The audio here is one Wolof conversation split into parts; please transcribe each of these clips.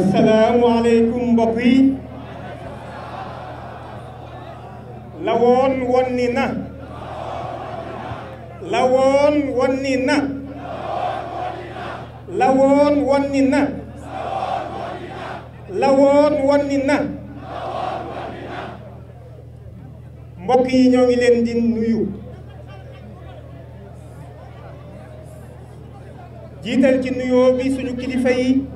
asalaamualeykum mbokk yi la woon wonni na la woon wonni na la mbokk yi ñoo ngi leen di nuyu jiital ci nuyoo bi suñu kilifa yi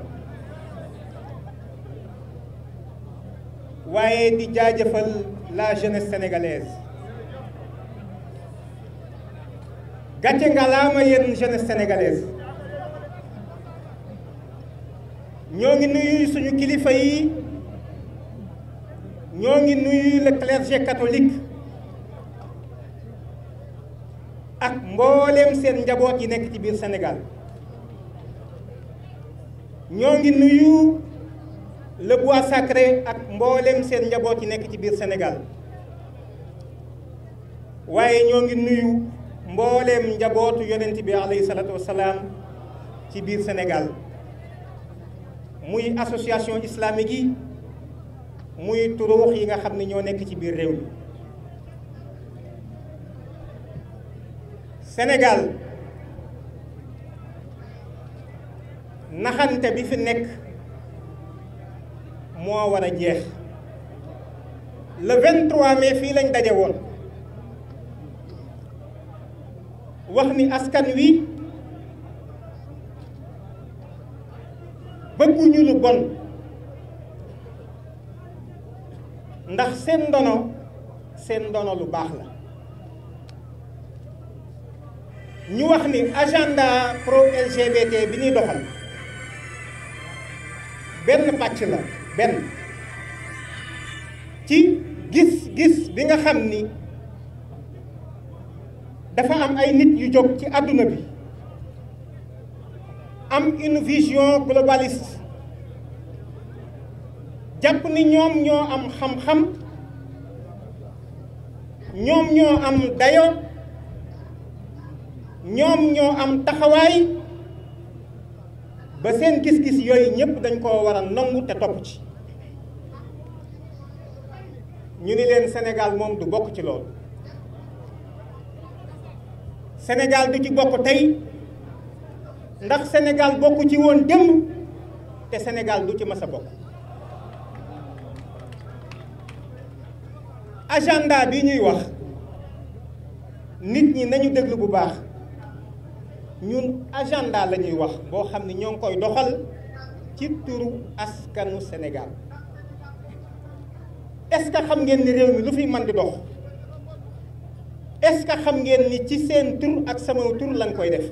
waaye di jaajëfal la jeunesse sénégalaise gàcce ngalaama yéen jeunesse sénégalaise ñoo ngi nuyu suñu kilifa yi ñoo ngi nuyu le clergé catholique ak mbooleem seen njaboot yi nekk ci biir Sénégal ñoo ngi nuyu le waa sacré ak mboolem seen njaboot yi nekk ci biir Sénégal waaye ñoo ngi nuyu mbooleem njabootu yonent bi alayhi salaatu wassalaam ci biir Sénégal muy association islamique yi muy turuux yi nga xam ne ñoo nekk ci biir réew mi Sénégal naxante bi fi nekk moo war a jeex le 23 mai fii lañ daje woon wax ni askan wi bëgguñu lu bon ndax seen ndono seen ndono lu baax la ñu wax ni agenda pro LGBT bi ñuy doxal benn pàcc la benn ci gis-gis bi nga xam ni dafa am ay nit yu jóg ci àdduna bi am une vision globaliste jàpp ni ñoom ñoo am xam-xam ñoom ñoo am dayo ñoom ñoo am taxawaay ba seen gis-gis yooyu ñëpp dañ ko war a nangu te topp ci ñu ni leen Sénégal moom du bokk ci lool Sénégal du ci bokk tey ndax Sénégal bokk ci woon démb te Sénégal du ci masa bokk agenda bi ñuy wax nit ñi nañu déglu bu baax ñun agenda la ñuy wax boo xam ne ñoo ngi koy doxal ci turu askanu Sénégal est que xam ngeen ni réew mi lu fi mën di dox est-ce que xam ngeen ni ci seen tur ak sama tur lañ koy def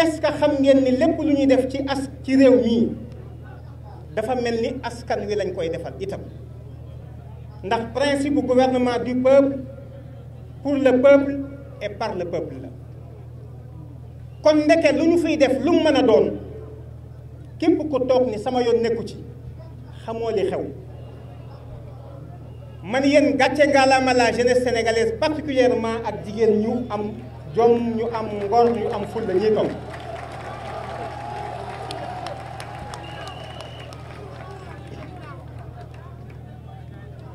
est-ce que xam ngeen ni lépp lu ñuy def ci as ci réew mii dafa mel ni askan wi lañ koy defal itam ndax principe bu gouvernement du peuple pour le peuple et par le peuple la kon ndeke lu ñu fiy def lu mu mën a doon képp ko toog ni sama yoon nekku ci xamoo li xew man yéen gàcce ngalaama la jeunesse sénégalaise particulièrement ak jigéen ñu am jom ñu am ngor ñu am fulla ñuy toog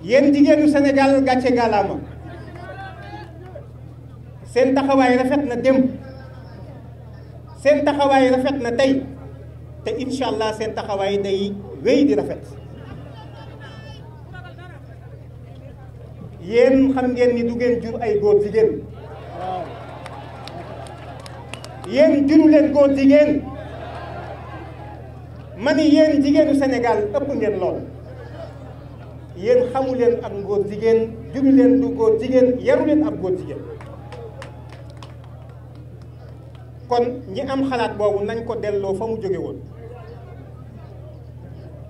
yéen jigéenu Sénégal gàcce ngalaama seen taxawaay rafet na dem seen taxawaay rafet na tey te incha allah seen taxawaay day wéy di rafet yéen xam ngeen ni du ngeen jur ay góor jigéen yéen juru leen góor jigéen ma ni yéen jigéenu Sénégal ëpp ngeen lool yéen xamu leen ak góor jigéen juru leen du góor jigéen yaru leen ab góor jigéen kon ñi am xalaat boobu nañ ko delloo fa mu jóge woon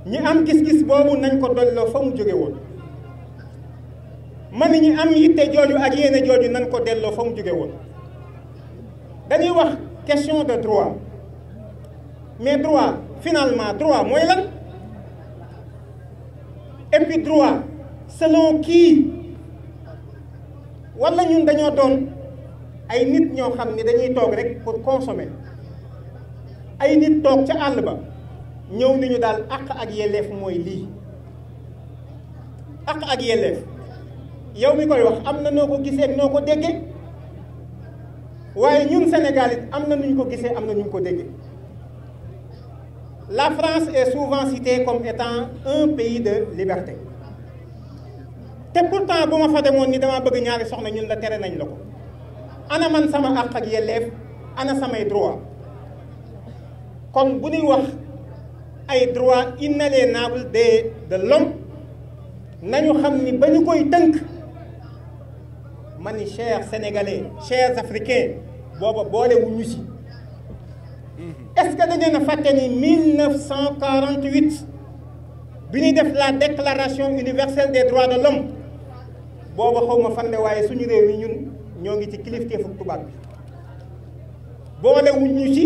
ñi am gis-gis boobu nañ ko delloo fa mu jóge woon man ñu am yitte jooju ak yéene jooju nañ ko delloo fa mu jóge woon dañuy wax question de droit mais droit finalement droit mooy lan et puis droit selon qui wala ñun dañoo doon ay nit ñoo xam ni dañuy toog rek pour consommer ay nit toog ca àll ba ñëw ni ñu daal àq ak yelleef mooy lii àq ak yelleef yow mi koy wax am na noo ko gisee noo ko déggee waaye ñun Sénégal am na nu ñu ko gisee am na nu ñu ko déggee la France est souvent citée comme étant un pays de liberté te pourtant bu ma fa demoon ni dama bëgg ñaari soxna ñun la tere nañ la ko ana man sama àq ak yelleef ana samay droit kon bu ñuy wax ay droit inaliénable de de l'homme nañu xam ni ba ñu koy tënk ma ni cher sénégalais chers africains booba boolewuñ ñu si mm-hmm. est-ce que dañu na fàtte ni 1948 bi ñuy def la déclaration universelle des droits de l'homme booba xaw fan ne waaye suñu réew yi ñun ñoo ngi ci kilifteefu tubaab bi boolewuñ ñu si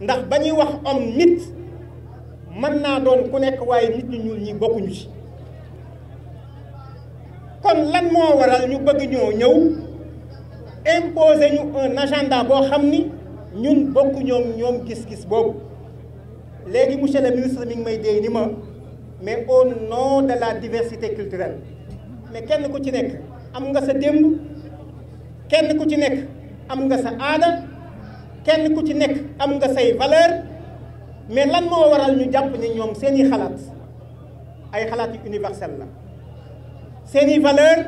ndax ba ñuy wax homme nit mën naa doon ku nekk waaye nit ñu ñuul ñi bokkuñu si kon lan moo waral ñu bëgg ñoo ñëw imposer ñu un agenda boo xam ni ñun bokk ñoom ñoom gis-gis boobu léegi monsieur le ministre mi ngi may déy ni ma mais au nom de la diversité culturelle mais kenn ku ci nekk am nga sa démb kenn ku ci nekk am nga sa aada kenn ku ci nekk am nga say valeur mais lan moo waral ñu jàpp ni ñoom seeni xalaat ay xalaat yu la seeni valeur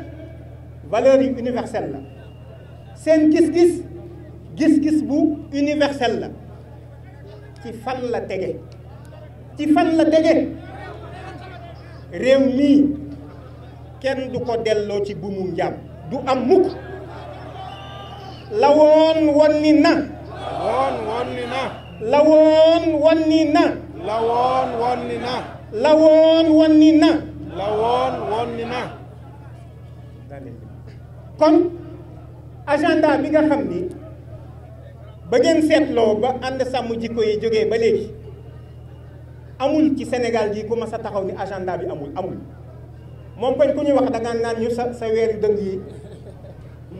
valeur yu universelle la seen gis-gis gis-gis bu universelle la ci fan la tege ci fan la tege réew mii kenn du ko delloo ci buumu njaam du am mukk la woon woon ni na la woon won ni na la woon won ni na la woon won ni na la woon won ni na kon agenda bi nga xam ni ba ngeen seetloo ba ànd sàmm jikko yi jógee ba léegi amul ci Sénégal ji ku mas a taxaw ni agenda bi amul amul moom koñ ku ñuy wax da ngaa naan ñu sa sa weeri dëng yi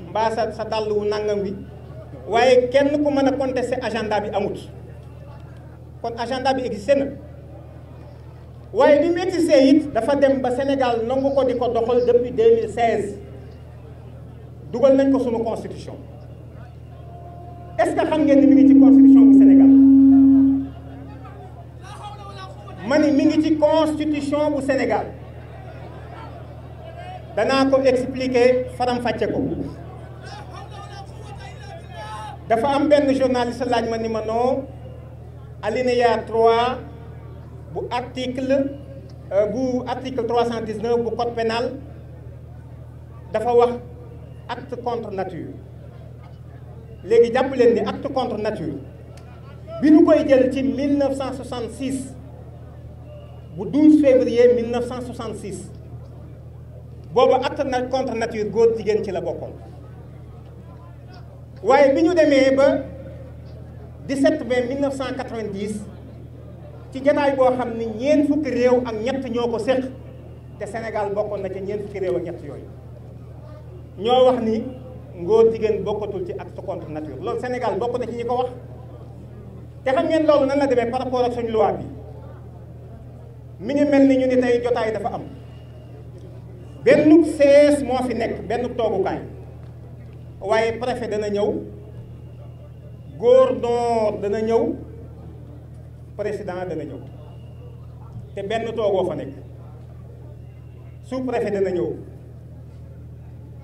mbaa sa sa dàll wu nangam wi waaye kenn ku mën a contester agenda bi amut kon agenda bi existé na waaye bi mu existé it dafa dem ba Sénégal nangu ko di ko doxal depuis 2016. dugal nañ ko sunu constitution est ce que xam ngeen mi ngi ci constitution bu Sénégal ma ni mi ngi ci constitution bu Sénégal danaa ko expliquer faram fàcce ko dafa am benn journaliste laaj ma ni ma noo alinéa 3 bu article euh, bu article 319 bu code pénal dafa wax acte contre nature léegi jàpp leen ni acte contre nature bi ñu koy jël ci 1966 bu 12 février 1966 boobu acte na contre nature góor jigéen ci la bokkoon waaye bi ñu demee ba 17 mai 1990 ci jataay boo xam ni ñeent fukki réew ak ñett ñoo ko séq te Sénégal bokkoon na ca ñeent fukki réew ak ñett yooyu. ñoo wax ni ngóor jigéen bokkatul ci acte contre nature loolu Sénégal bokk na ci ñi ko wax te xam ngeen loolu nan la demee par rapport ak suñu loi bi mi ngi mel ni ñu ni tey jotaay dafa am benn sees moo fi nekk benn toogukaay waaye préfet dana ñëw gouverneur dana ñëw président dana ñëw te benn toogoo fa nekk sous préfet dana ñëw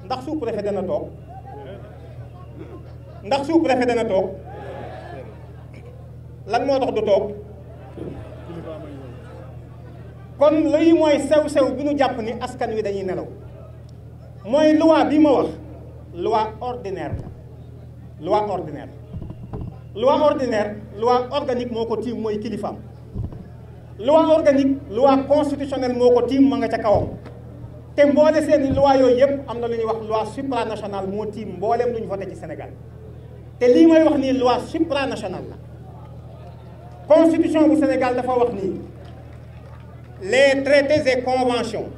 ndax sous-préfet dana toog ndax sous-préfet dana toog lan moo tax du toog kon luy mooy sew-sew bi nu jàpp ni askan wi dañuy nelaw mooy loi bi ma wax loi ordinaire la loi ordinaire loi ordinaire loi organique moo ko tiim mooy kilifaam loi organique loi constitutionnelle moo ko tiim ma nga ca kawam te mboole seen i loi yooyu yëpp am na lu ñuy wax loi supranationale moo tiim mbooleem lu ñu voté ci Sénégal te lii may wax nii loi supranationale la constitution bu Sénégal dafa wax nii les traités et conventions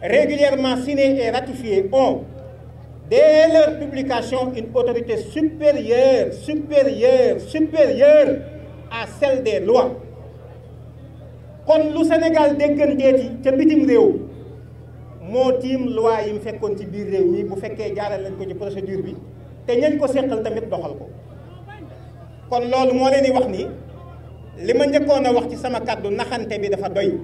régulièrement signés et ratifiés ont dès leur publication une autorité supérieure supérieure supérieure à celle des lois kon lu Sénégal dégganteeti ca bitim réew moo tiim loi yi mu fekkoon ci biir réew mi bu fekkee jaarale lañ ko ci procédure bi te ñañ ko seetal tamit doxal ko kon loolu moo leen di wax ni li ma njëkkoon a wax ci sama kàddu naxante bi dafa doy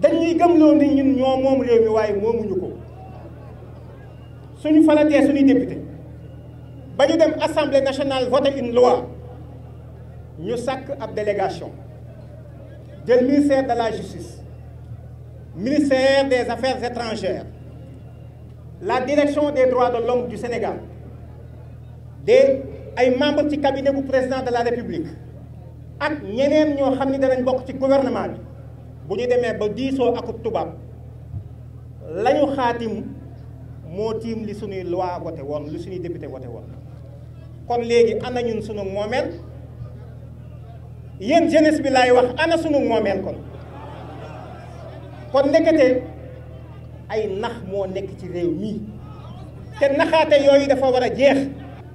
dañuy gëmloo ni ñun ñoo moom réew mi waaye moomuñu ko suñu falatee suñuy député ba ñu dem assemblée nationale voter une loi ñu sàkk ab délégation jël ministère de la justice ministère des Affaires étrangères, la direction des droits de l'homme du Sénégal, des ay membres ci cabinet bu président de la République ak ñeneen ñoo xam ni danañ bokk ci gouvernement bi bu ñu demee ba diisoo akub tubaab la ñu xaatim moo tiim li suñuy loi voté woon li suñuy député voté woon kon léegi ana ñun sunu moomeel yéen jeunesse bi laay wax ana sunu moomeel kon kon nekkate ay nax moo nekk ci réew mii te naxaate yooyu dafa war a jeex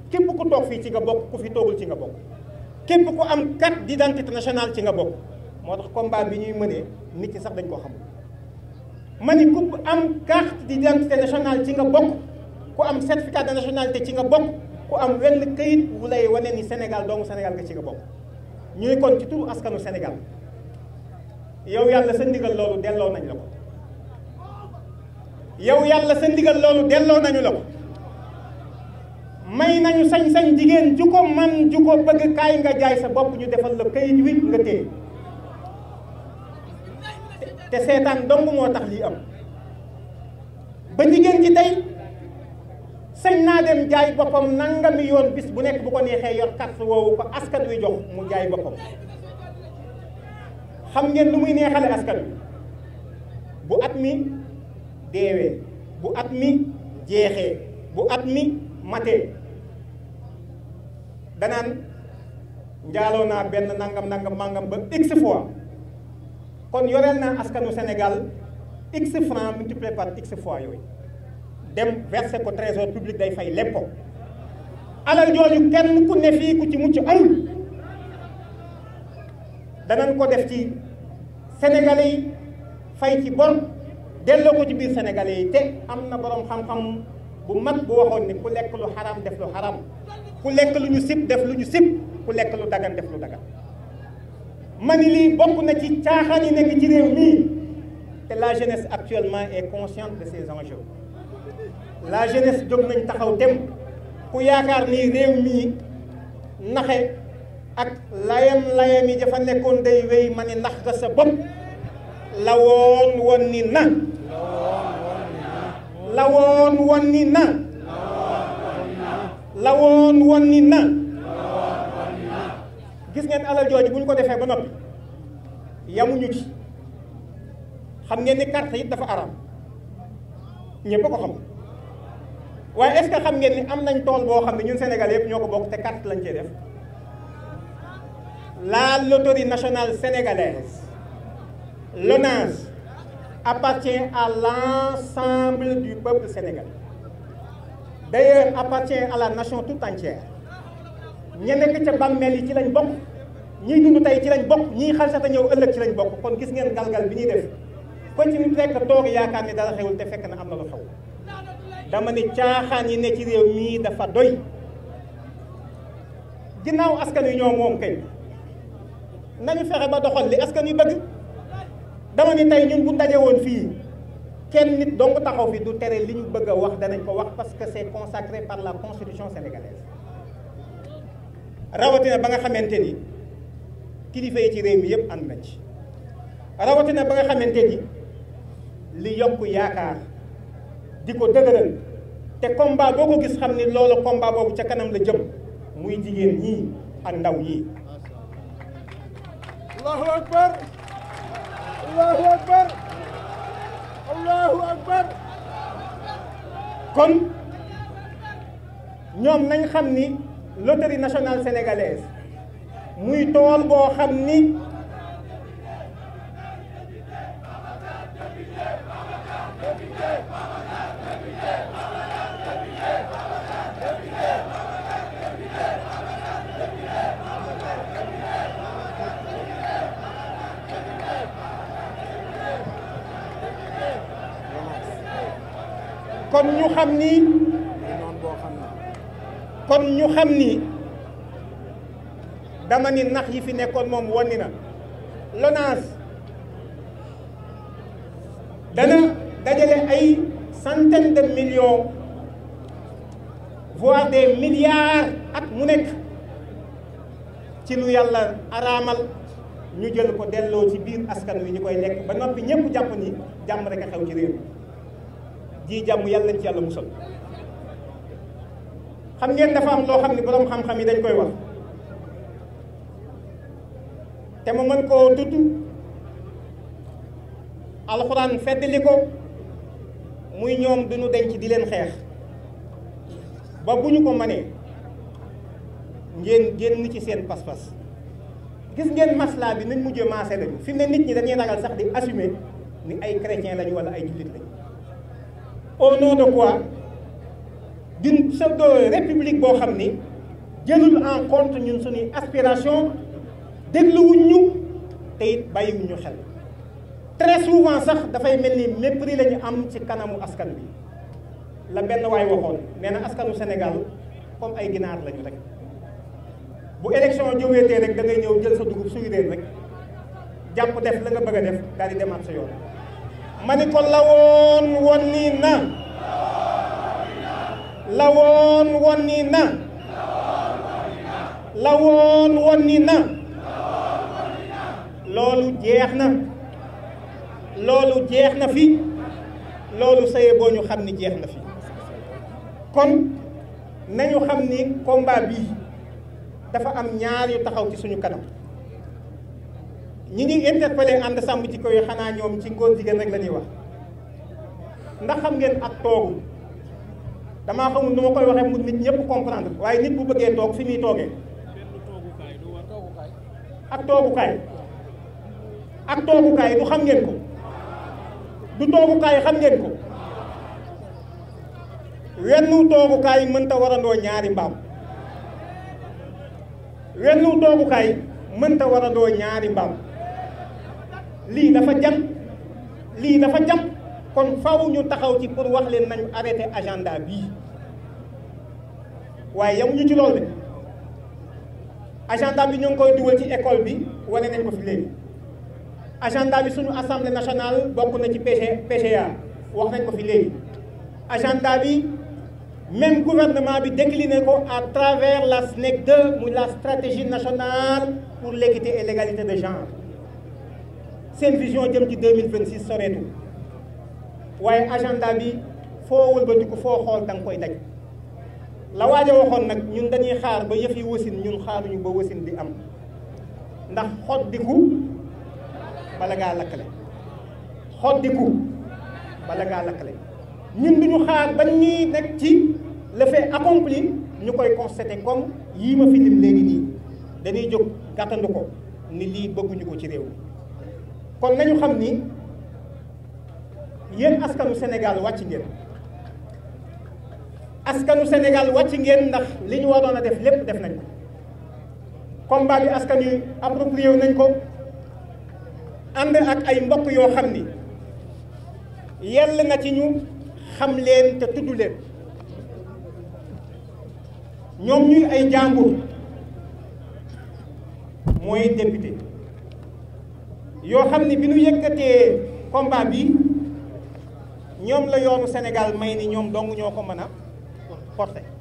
képp ku toog fii ci nga bokk ku fi toogul ci nga bokk képp ku am carte d'identité nationale ci nga bokk moo tax combat bi ñuy mënee nit ki sax dañ koo xamul man ni ku am di carte d'identité nationale ci nga bokk ku am certificat de nationalité ci nga bokk ku am wenn këyit wu lay wane ni Sénégal doomu Sénégal nga ci nga bokk ñuy kon ci turu askanu senegal yow yàlla sa ndigal loolu delloo nañ la ko yow yàlla sa ndigal loolu delloo nañu la ko may nañu sañ-sañ jigéen ju ko man ju ko bëgg kaay nga jaay sa bopp ñu defal la kayit wi nga téye te seetaan dong moo tax lii am ba jigéen ci tey sañ naa dem jaay boppam nangami yoon bis bu nekk bu ko neexee yor carte woowu ko askan wi jox mu jaay boppam xam ngeen lu muy neexale askan wi bu at mi deewee bu at mi jeexee bu at mi matee danaan njaaloo naa benn nangam nangam màngam ba x fois kon yoreel naa askanu Sénégal x franc multiplié par x fois yooyu dem versé ko trésor public day fay lépp alal jooju kenn ku ne fii ku ci mucc amul danañ ko def ci sénégalais yi fay ci bon delloo ko ci biir sénégalais yi te am na boroom xam-xam bu mag bu waxoon ni ku lekk lu xaram def lu xaram ku lekk lu ñu sib def lu ñu sib ku lekk lu dagan def lu dagan ma ni lii bokk na ci caaxaan yi nekk ci réew mii te la jeunesse actuellement est consciente de ces enjeux la jeunesse jóg nañ taxaw dem ku yaakaar ni réew mii naxe ak layam-layam yi dafa nekkoon day wéy ma ni nax nga sa bopp la woon woon ni na la woon woon ni na na gis ngeen alal jooju bu ñu ko defee ba noppi yamuñu ci xam ngeen ni carte yi dafa araam ñëpp ko xam waaye est xam ngeen ni am nañ tool boo xam ne ñun Sénégal yëpp ñoo ko bokk te carte lañ cee def la loterie nationale sénégalaise, l'ONAS, appartient à l'ensemble du peuple sénégalais. D'ailleurs, appartient à la nation tout entière. ñi nekk ca bàmmeel yi ci lañ bokk ñiy dund tey ci lañ bokk ñiy xaalisata ñëw ëllëg ci lañ bokk kon gis ngeen galgal bi ñuy def ko ci nit rekk toog yaakaar ne dara xewul te fekk na am na lu xew dama ne caaxaan yi ne ci réew mii dafa doy ginnaaw askan wi ñoo moom kay nañu fexe ba doxal li est-ce que ñu bëgg dama ni tey ñun bu daje woon fii kenn nit dong taxaw fi du tere li ñu bëgg wax danañ ko wax parce que c'est consacré par la constitution sénégalaise rawatina ba nga xamante ni kilifa yi ci réew mi yëpp am na ci rawatina ba nga xamante ni li yokk yaakaar di ko dëgëral te combat boo ko gis xam ni loolu combat boobu ca kanam la jëm muy jigéen ñii ak ndaw yi Allahu akbar Allahu kon ñoom nañ xam ni loterie nationale sénégalaise muy tool boo xam ni kon ñu xam ni kon ñu xam ni dama ni nax yi fi nekkoon moom wonni na LONASE dana dajale ay centaines de millions voire des milliards at mu nekk ci lu yàlla araamal ñu jël ko delloo ci biir askan wi ñu koy nekk ba noppi ñëpp jàpp ni jàmm rek a xew ci réew ji jàmm yàlla nañ ci yàlla musal xam ngeen dafa am loo xam ne boroom xam-xam yi dañ koy wax te mu mën koo tudd alxuraan feddali ko muy ñoom duñu denc di leen xeex ba bu ñu ko mënee ngeen génn ci seen pas-pas gis ngeen maslaa bi nañ mujjee maase lañu fi mu ne nit ñi dañuy ragal sax di assumer ni ay chrétien lañu wala ay jullit lañu au nom de quoi d'une pseudo-république boo xam ni jëlul en compte ñun suñuy aspiration dégluwuñ ñu te it bàyyiwuñ ñu xel très sax dafay mel ni mépris la ñu am ci kanamu askan bi la benn waay waxoon nee na askanu Sénégal comme ay ginaar lañu rek bu élection ñëweetee rek da ngay ñëw jël sa dugub suy reen rek jàpp def la nga bëgg a def daal di demaat sa yoon ma ni ko lawoon woon nii na lawoon woon nii na lawoon woon nii na loolu jeex na loolu jeex na fi loolu saye boo ñu xam ni jeex na fi kon nañu xam ni combat bii dafa am ñaar yu taxaw ci suñu kanam ñi ñuy interpellé ànd sàmm jikko yi xanaa ñoom ci ngóor jigéen rek la ñuy wax ndax xam ngeen ak toogu damaa xamul nu ma koy waxee mu nit ñëpp comprendre waaye nit bu bëggee toog fi muy toogee ak toogukaay ak toogukaay du xam ngeen ko du toogukaay xam ngeen ko wennu toogukaay mënta warandoo ñaari mbaam wennu toogukaay mënta warandoo ñaari mbaam lii dafa jant lii dafa jam kon faw taxaw ci pour wax leen nañu arrêté agenda bii waaye yamuñu ci loolu bi agenda bi ñu ngi koy dugal ci école bi wane nañ ko fi léegi agenda bi suñu assemblée nationale bokk na ci PCA wax nañ ko fi léegi agenda bi même gouvernement bi décliné ko à travers la SNEC 2 muy la stratégie nationale pour l'équité et l'égalité de genre seen vision jëm ci 2026 soreetu waaye agenda bi foo wëlbatiku foo xool da nga koy daj la waaja waxoon nag ñun dañuy xaar ba yëf yi wasin ñun xaaruñu ba wasin di am ndax xoddiku bala ngaa lakkale xoddiku bala ngaa lakkale ñun duñu xaar ba ñuy nekk ci le fait accompli ñu koy constaté comme yii ma fi lim léegi nii dañuy jóg gàttandu ko ni lii bëgguñu ko ci réew kon nañu xam ni yéen askanu Sénégal wàcc ngeen askanu Sénégal wàcc ngeen ndax li ñu waroon a def lépp def nañ ko combat askan yu approprié nañ ko ànd ak ay yoo xam ni yell na ci ñu xam leen te tudd leen ñoom ñuy ay jàmbur mooy député yoo xam ne bi ñu yëkkatee combat bi ñoom la yoonu Sénégal may ni ñoom dong ñoo ko mën a porter